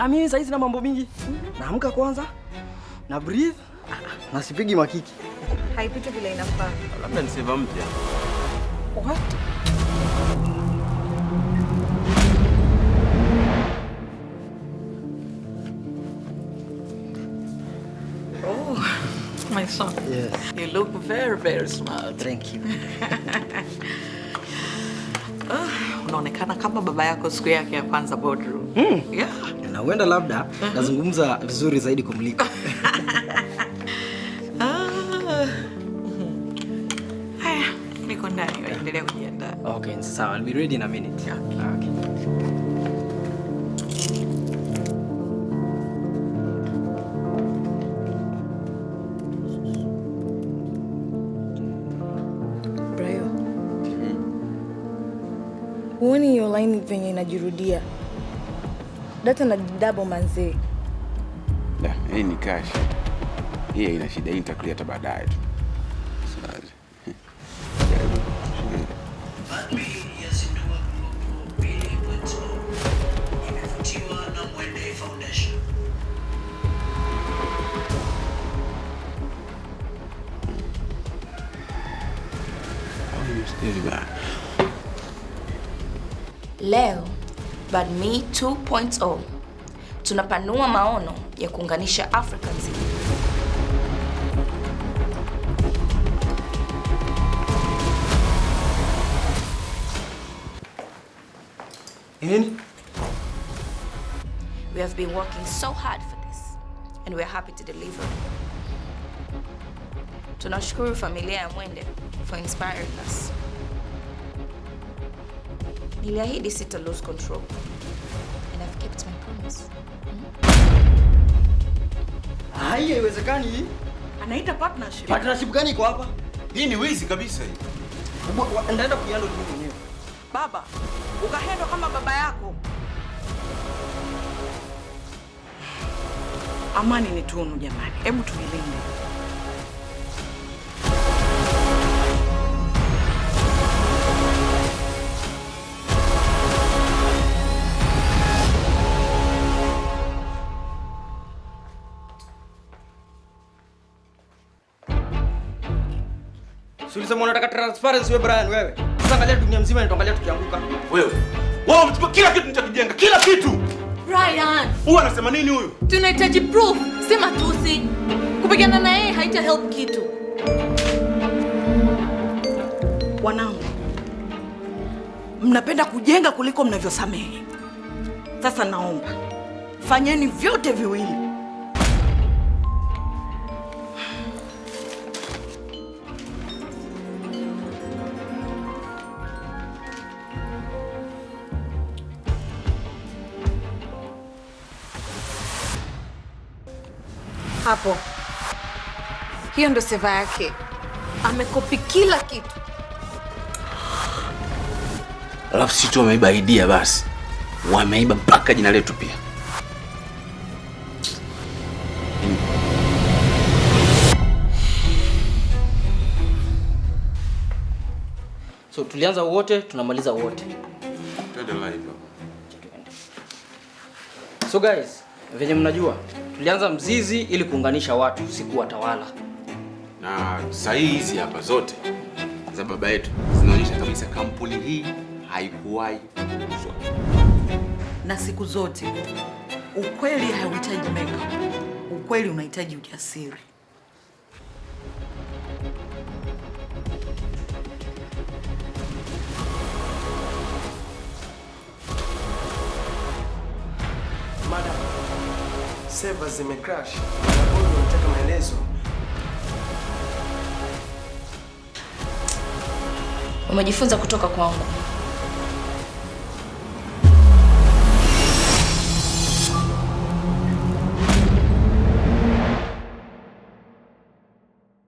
Ah, mimi hizi na mambo mingi. Naamka kwanza. Na breathe. Na sipigi makiki. Haipiti bila inafaa. Labda ni seva mpya. What? Oh, my son. Yes. You look very, very smart. Thank you. Ah, unaonekana kama baba yako siku yake ya kwanza boardroom. Mm. Yeah na huenda labda uh -huh. nazungumza vizuri zaidi kumliko ah, mm-hmm. ah, mm-hmm. huoni hiyo laini venye inajirudia Data na double manze. Da, hii ni cash. Hii ina shida, hii nitakulia hata baadaye tu. Leo but me 2.0 tunapanua maono ya kuunganisha Afrika nzima. In? We have been working so hard for this and we are happy to deliver. Tunashukuru familia ya Mwende for inspiring us. Niliahidi sita lose control. And I've kept my promise. Hai, mm-hmm. ah, haiwezekani. Anaita partnership. Partnership gani iko hapa? Hii ni wizi kabisa hii. Ndaenda kuiando mwenyewe. Baba, ukahendwa kama baba yako. Amani ni tunu jamani. Hebu tuilinde. Si ulisema unataka transparency wewe Brian wewe. Sasa angalia dunia mzima inatuangalia tukianguka. Wewe. Wewe umechukua kila kitu nilichokijenga, kila kitu. Brian. Huyu anasema nini huyu? Tunahitaji proof, sema tusi. Kupigana na yeye haita help kitu. Wanangu. Mnapenda kujenga kuliko mnavyosamehe. Sasa naomba fanyeni vyote viwili hapo. Hiyo ndo seva yake, amekopi kila kitu. Alafu si tu wameiba idea basi, wameiba mpaka jina letu pia. So tulianza wote, tunamaliza wote. So guys, venye mnajua tulianza mzizi ili kuunganisha watu, si kuwatawala. Na sahihi hizi hapa zote za baba yetu zinaonyesha kabisa kampuni hii haikuwahi kuuzwa. Na siku zote ukweli hauhitaji makeup, ukweli unahitaji ujasiri. servers zimecrash. Nataka maelezo. Umejifunza kutoka kwangu.